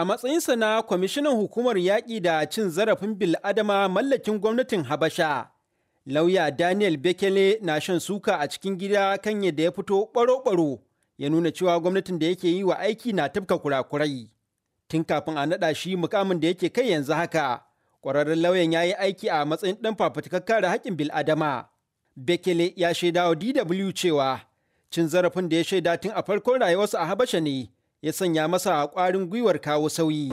A matsayinsa na kwamishinan hukumar yaƙi da cin zarafin bil'adama mallakin gwamnatin Habasha, lauya Daniel Bekele na shan suka a cikin gida kan yadda ya fito ɓaro-ɓaro ya nuna cewa gwamnatin da yake yi wa aiki na tafka kurakurai. Tun kafin a naɗa shi mukamin da yake kai yanzu haka, ƙwararren lauyan ya yi aiki a matsayin ɗan fafutukar kare haƙƙin bil'adama. Bekele ya shaida wa DW cewa cin zarafin da ya shaida tun a farkon rayuwarsa a Habasha ne ya sanya masa ƙwarin gwiwar kawo sauyi.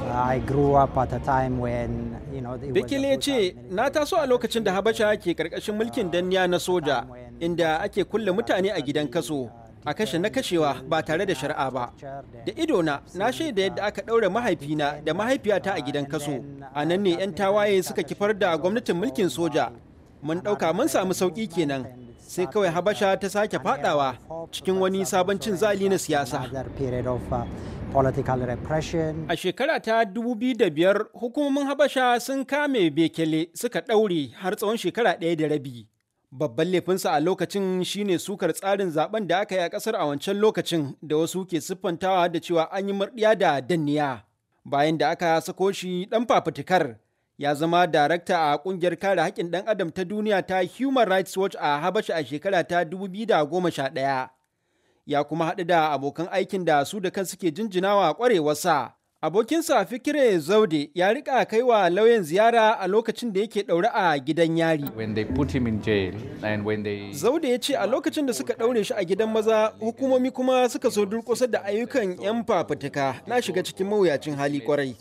Bekele ya ce, na taso a lokacin da Habasha ke ƙarƙashin mulkin danniya na soja, inda ake kulle mutane a gidan kaso, uh, a kashe na kashewa ba tare da shari'a ba. Da idona, na shaida yadda aka ɗaure mahaifina da mahaifiyata a gidan kaso, a nan ne 'yan tawaye suka kifar da gwamnatin mulkin soja. Mun ɗauka mun samu sauƙi kenan. sai kawai habasha ta sake fadawa cikin wani sabon cin zali na siyasa uh, a shekara ta biyar, hukumomin habasha sun kame bekele suka ɗaure har tsawon shekara ɗaya da rabi babban laifinsa a lokacin shine sukar tsarin zaben da aka yi a ƙasar a wancan lokacin da wasu ke siffantawa da cewa an yi murɗiya da danniya bayan da aka sako shi ɗan fafutukar ya zama darakta a kungiyar kare haƙƙin ɗan adam ta duniya ta Human Rights Watch a Habasha a shekara ta 2011. Ya kuma haɗu da abokan aikin da su da kan suke jinjinawa a ƙwarewarsa Abokinsa Fikire Zaude ya rika kai wa lauyan ziyara a lokacin da yake ɗaure a gidan yari. Zaude ya ce a lokacin da suka ɗaure shi a gidan maza hukumomi kuma suka so durkusa da ayyukan 'yan fafutuka na shiga cikin mawuyacin hali kwarai.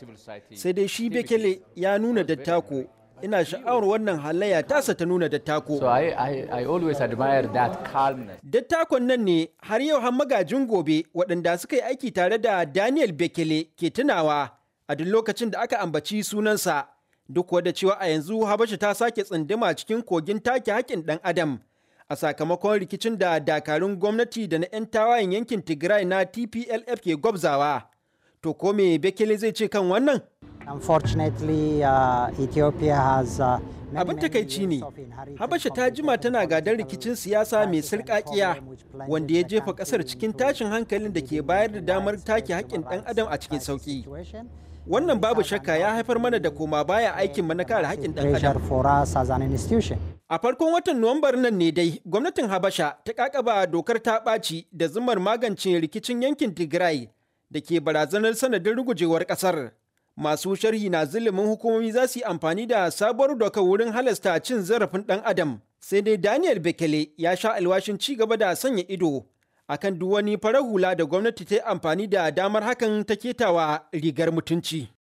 Sai dai shi Bekele ya nuna dattako ina sha'awar wannan halayya tasa ta nuna dattako. So I, I, I always admire that calmness. Dattakon nan ne har yau har magajin gobe waɗanda suka yi aiki tare da Daniel Bekele ke tunawa a duk lokacin da aka ambaci sunansa. Duk wadda cewa a yanzu Habasha ta sake tsunduma cikin kogin take hakin ɗan Adam. A sakamakon rikicin da dakarun gwamnati da na 'yan tawayen yankin Tigray na TPLF ke gwabzawa. To ko me Bekele zai ce kan wannan? Uh, uh, Abin takaici ne, Habasha ta jima tana gadon rikicin siyasa mai sirƙaƙiya wanda ya jefa ƙasar cikin tashin hankalin da ke bayar da damar take haƙƙin ɗan adam a cikin sauƙi. Wannan babu shakka ya haifar mana da koma baya aikin na kare haƙƙin ɗan adam. A farkon watan Nuwambar nan ne dai, gwamnatin Habasha ta ƙaƙaba dokar ta ɓaci da zumar magance rikicin yankin Tigray da ke barazanar sanadin rugujewar ƙasar. masu sharhi na zulumin hukumomi za su yi amfani da sabuwar doka wurin halasta cin zarafin ɗan adam sai dai daniel bekele ya sha alwashin ci gaba da sanya ido akan duk wani farar hula da gwamnati ta yi amfani da damar hakan ta ketawa rigar mutunci